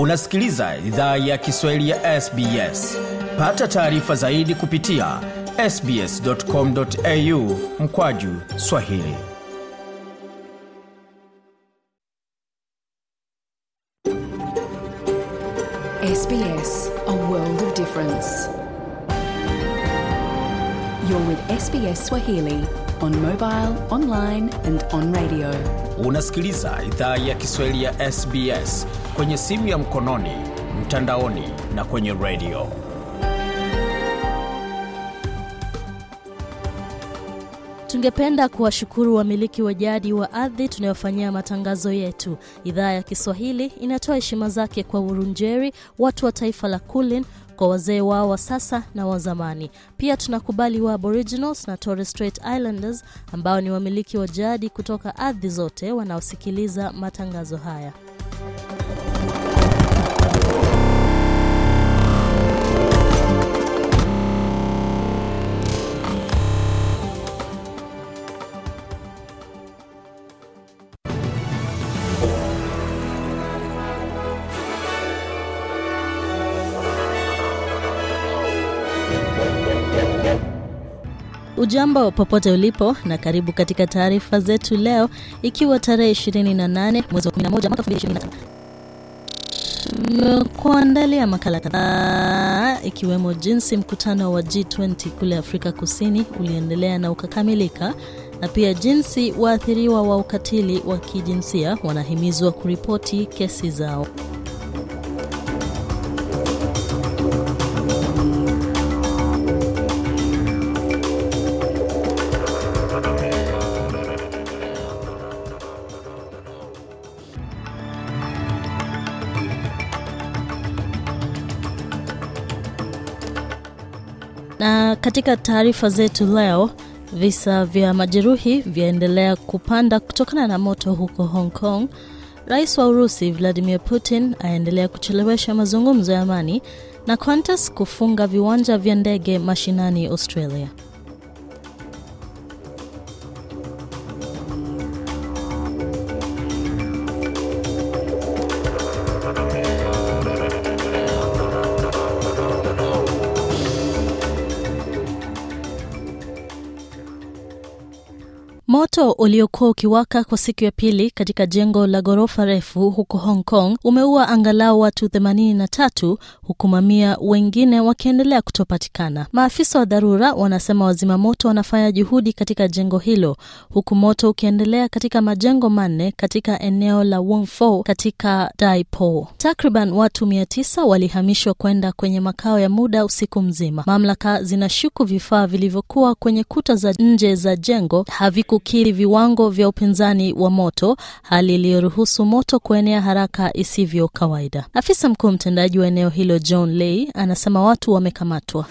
unasikiliza idhaa ya kiswahili ya sbs pata taarifa zaidi kupitia sbscomau mkwaju swahili SBS, a world of difference. You're with SBS Swahili on mobile, online and on radio. Unasikiliza idhaa ya Kiswahili ya SBS kwenye simu ya mkononi, mtandaoni na kwenye redio. Tungependa kuwashukuru wamiliki wa jadi wa ardhi tunayofanyia matangazo yetu. Idhaa ya Kiswahili inatoa heshima zake kwa Urunjeri, watu wa taifa la Kulin kwa wazee wao wa sasa na wa zamani. Pia tunakubali wa Aboriginals na Torres Strait Islanders ambao ni wamiliki wa jadi kutoka ardhi zote wanaosikiliza matangazo haya. Ujambo popote ulipo na karibu katika taarifa zetu leo, ikiwa tarehe 28 mwezi wa 11 mwaka 2025. Tumekuandalia makala kadhaa ikiwemo jinsi mkutano wa G20 kule Afrika Kusini uliendelea na ukakamilika na pia jinsi waathiriwa wa ukatili wa kijinsia wanahimizwa kuripoti kesi zao. Na katika taarifa zetu leo, visa vya majeruhi vyaendelea kupanda kutokana na moto huko Hong Kong. Rais wa Urusi Vladimir Putin aendelea kuchelewesha mazungumzo ya amani na Qantas kufunga viwanja vya ndege mashinani Australia. Но Moto uliokuwa ukiwaka kwa siku ya pili katika jengo la ghorofa refu huko Hong Kong umeua angalau watu 83 huku mamia wengine wakiendelea kutopatikana. Maafisa wa dharura wanasema wazima moto wanafanya juhudi katika jengo hilo huku moto ukiendelea katika majengo manne katika eneo la Wong Fo katika Dai Po. Takriban watu 900 walihamishwa kwenda kwenye makao ya muda usiku mzima. Mamlaka zinashuku vifaa vilivyokuwa kwenye kuta za nje za jengo havikukiri hadi viwango vya upinzani wa moto, hali iliyoruhusu moto kuenea haraka isivyo kawaida. Afisa mkuu mtendaji wa eneo hilo John Ley anasema watu wamekamatwa.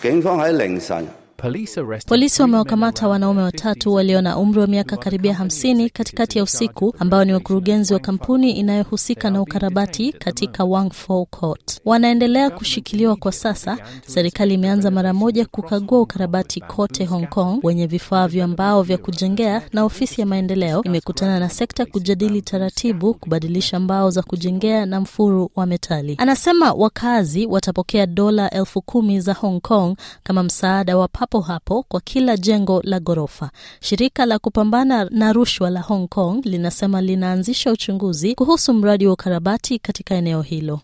Polisi wamewakamata wanaume watatu walio na umri wa miaka karibia hamsini katikati ya usiku ambao ni wakurugenzi wa kampuni inayohusika na ukarabati katika Wangfall Court. Wanaendelea kushikiliwa kwa sasa. Serikali imeanza mara moja kukagua ukarabati kote Hong Kong wenye vifaa vya mbao vya kujengea, na ofisi ya maendeleo imekutana na sekta kujadili taratibu kubadilisha mbao za kujengea na mfuru wa metali. Anasema wakazi watapokea dola elfu kumi za Hong Kong kama msaada wa papo hapo kwa kila jengo la ghorofa. Shirika la kupambana na rushwa la Hong Kong linasema linaanzisha uchunguzi kuhusu mradi wa ukarabati katika eneo hilo.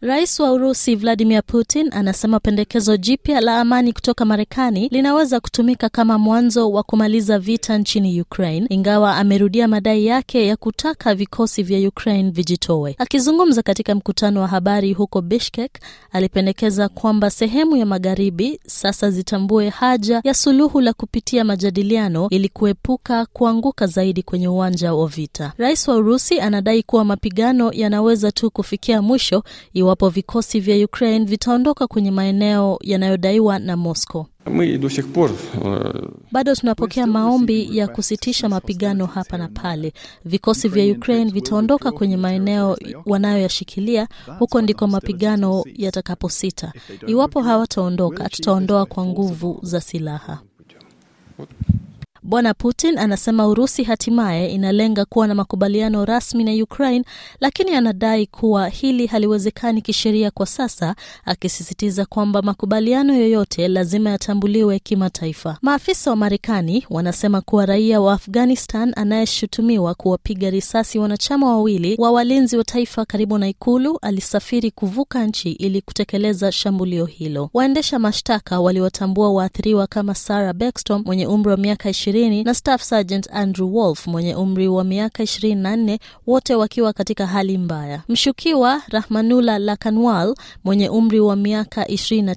Rais wa Urusi Vladimir Putin anasema pendekezo jipya la amani kutoka Marekani linaweza kutumika kama mwanzo wa kumaliza vita nchini Ukraine, ingawa amerudia madai yake ya kutaka vikosi vya Ukraine vijitoe. Akizungumza katika mkutano wa habari huko Bishkek, alipendekeza kwamba sehemu ya magharibi sasa zitambue haja ya suluhu la kupitia majadiliano ili kuepuka kuanguka zaidi kwenye uwanja wa vita. Rais wa Urusi anadai kuwa mapigano yanaweza tu kufikia mwisho iwa iwapo vikosi vya Ukraine vitaondoka kwenye maeneo yanayodaiwa na Moscow. Э, Bado tunapokea maombi ya kusitisha mapigano hapa na pale. Vikosi vya Ukraine vitaondoka kwenye maeneo wanayoyashikilia, huko ndiko mapigano yatakaposita. Iwapo hawataondoka, tutaondoa kwa nguvu za silaha. Bwana Putin anasema Urusi hatimaye inalenga kuwa na makubaliano rasmi na Ukraine, lakini anadai kuwa hili haliwezekani kisheria kwa sasa, akisisitiza kwamba makubaliano yoyote lazima yatambuliwe kimataifa. Maafisa wa Marekani wanasema kuwa raia wa Afghanistan anayeshutumiwa kuwapiga risasi wanachama wawili wa walinzi wa taifa karibu na ikulu alisafiri kuvuka nchi ili kutekeleza shambulio hilo. Waendesha mashtaka waliwatambua waathiriwa kama Sarah Bekston mwenye umri wa miaka ishirini na Staff Sergeant Andrew Wolf mwenye umri wa miaka ishirini nne wote wakiwa katika hali mbaya. Mshukiwa rahmanula Lakanwal mwenye umri wa miaka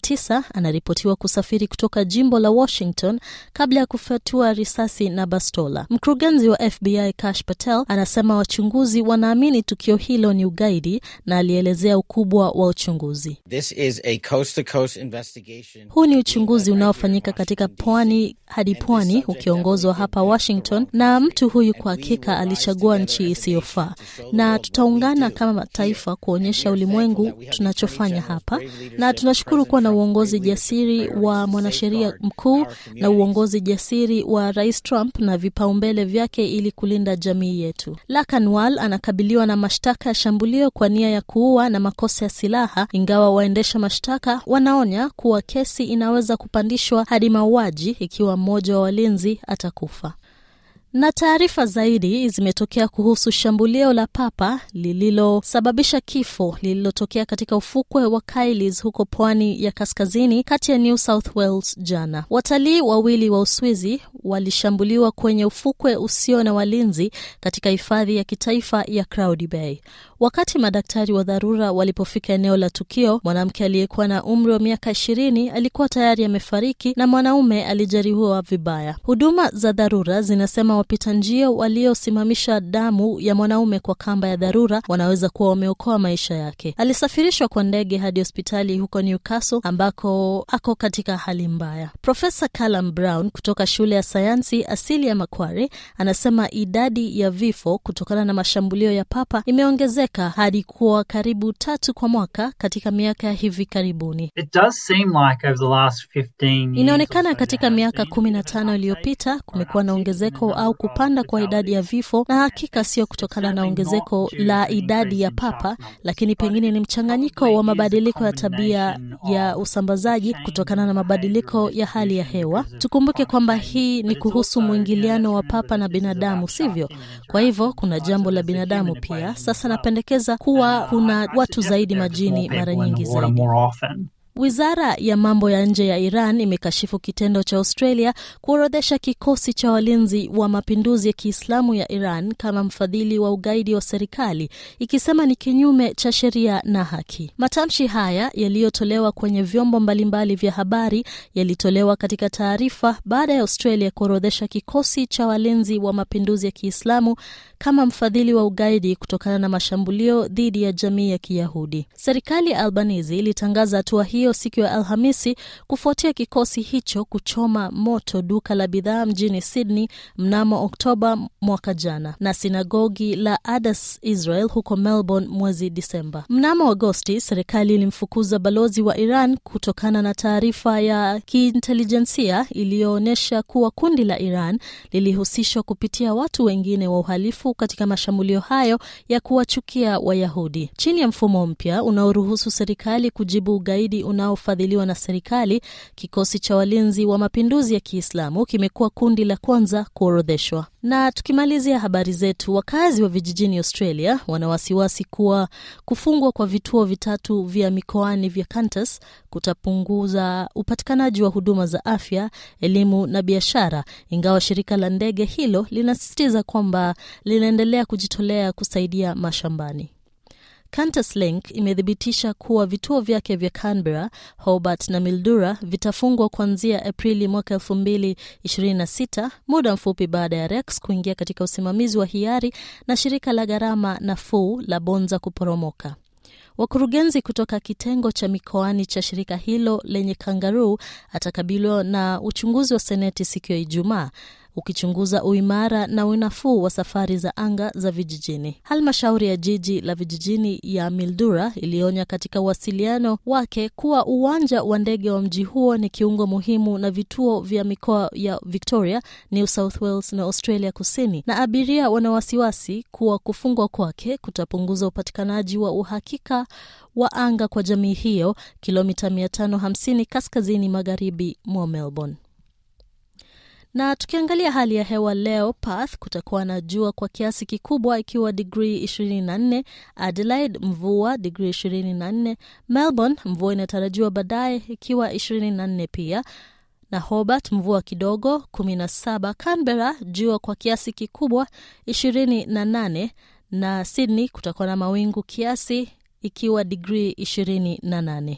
tisa anaripotiwa kusafiri kutoka jimbo la Washington kabla ya kufatua risasi na bastola. Mkurugenzi wa FBI cash Patel anasema wachunguzi wanaamini tukio hilo ni ugaidi na alielezea ukubwa wa uchunguzi. This is a coast to coast investigation. Huu ni uchunguzi unaofanyika katika pwani hadi pwani ukiongozwa kuongozwa hapa Washington, na mtu huyu kwa hakika alichagua nchi isiyofaa, na tutaungana kama mataifa kuonyesha ulimwengu tunachofanya hapa, na tunashukuru kuwa na uongozi jasiri wa mwanasheria mkuu na uongozi jasiri wa Rais Trump na vipaumbele vyake ili kulinda jamii yetu. Lakanwal anakabiliwa na mashtaka ya shambulio kwa nia ya kuua na makosa ya silaha, ingawa waendesha mashtaka wanaonya kuwa kesi inaweza kupandishwa hadi mauaji ikiwa mmoja wa walinzi atakufa. Na taarifa zaidi zimetokea kuhusu shambulio la papa lililosababisha kifo lililotokea katika ufukwe wa Kailis huko pwani ya kaskazini kati ya New South Wales jana. Watalii wawili wa Uswizi walishambuliwa kwenye ufukwe usio na walinzi katika hifadhi ya kitaifa ya Crowdy Bay. Wakati madaktari wa dharura walipofika eneo la tukio, mwanamke aliyekuwa na umri wa miaka ishirini alikuwa tayari amefariki na mwanaume alijeruhiwa vibaya. Huduma za dharura zinasema wapita njia waliosimamisha damu ya mwanaume kwa kamba ya dharura wanaweza kuwa wameokoa maisha yake. Alisafirishwa kwa ndege hadi hospitali huko Newcastle ambako ako katika hali mbaya. Profesa Callum Brown kutoka shule ya sayansi asili ya makwari anasema idadi ya vifo kutokana na mashambulio ya papa imeongezeka hadi kuwa karibu tatu kwa mwaka katika miaka ya hivi karibuni. It does seem like over the last 15 years, inaonekana katika miaka kumi na tano iliyopita kumekuwa na ongezeko au kupanda kwa idadi ya vifo, na hakika sio kutokana na ongezeko la idadi ya papa, lakini pengine ni mchanganyiko wa mabadiliko ya tabia ya usambazaji kutokana na mabadiliko ya hali ya hewa. Tukumbuke kwamba hii ni kuhusu mwingiliano wa papa na binadamu, sivyo? Kwa hivyo kuna jambo la binadamu pia. Sasa napendekeza kuwa kuna watu zaidi majini mara nyingi zaidi. Wizara ya mambo ya nje ya Iran imekashifu kitendo cha Australia kuorodhesha kikosi cha walinzi wa mapinduzi ya Kiislamu ya Iran kama mfadhili wa ugaidi wa serikali, ikisema ni kinyume cha sheria na haki. Matamshi haya yaliyotolewa kwenye vyombo mbalimbali vya habari yalitolewa katika taarifa baada ya Australia kuorodhesha kikosi cha walinzi wa mapinduzi ya Kiislamu kama mfadhili wa ugaidi kutokana na mashambulio dhidi ya jamii ya Kiyahudi. Serikali ya Albanizi ilitangaza hatua hii hiyo siku ya Alhamisi kufuatia kikosi hicho kuchoma moto duka la bidhaa mjini Sydney mnamo Oktoba mwaka jana na sinagogi la Adas Israel huko Melbourne mwezi Disemba. Mnamo Agosti, serikali ilimfukuza balozi wa Iran kutokana na taarifa ya kiintelijensia iliyoonyesha kuwa kundi la Iran lilihusishwa kupitia watu wengine wa uhalifu katika mashambulio hayo ya kuwachukia Wayahudi chini ya mfumo mpya unaoruhusu serikali kujibu ugaidi unaofadhiliwa na serikali, kikosi cha walinzi wa mapinduzi ya Kiislamu kimekuwa kundi la kwanza kuorodheshwa. Na tukimalizia habari zetu, wakazi wa vijijini Australia wana wasiwasi kuwa kufungwa kwa vituo vitatu vya mikoani vya Qantas kutapunguza upatikanaji wa huduma za afya, elimu na biashara, ingawa shirika la ndege hilo linasisitiza kwamba linaendelea kujitolea kusaidia mashambani. Cantaslink imethibitisha kuwa vituo vyake vya Canberra, Hobart na Mildura vitafungwa kuanzia Aprili mwaka 2026, muda mfupi baada ya Rex kuingia katika usimamizi wa hiari na shirika la gharama nafuu la Bonza kuporomoka. Wakurugenzi kutoka kitengo cha mikoani cha shirika hilo lenye kangaruu atakabiliwa na uchunguzi wa seneti siku ya Ijumaa ukichunguza uimara na unafuu wa safari za anga za vijijini. Halmashauri ya jiji la vijijini ya Mildura ilionya katika uwasiliano wake kuwa uwanja wa ndege wa mji huo ni kiungo muhimu na vituo vya mikoa ya Victoria, New South Wales na Australia Kusini, na abiria wana wasiwasi kuwa kufungwa kwake kutapunguza upatikanaji wa uhakika wa anga kwa jamii hiyo, kilomita 550 kaskazini magharibi mwa Melbourne. Na tukiangalia hali ya hewa leo, Perth kutakuwa na jua kwa kiasi kikubwa ikiwa digrii 24, Adelaide mvua digrii 24, Melbourne mvua inatarajiwa baadaye ikiwa 24 pia na Hobart mvua kidogo 17, Canberra jua kwa kiasi kikubwa 28 na Sydney kutakuwa na mawingu kiasi ikiwa digrii 28.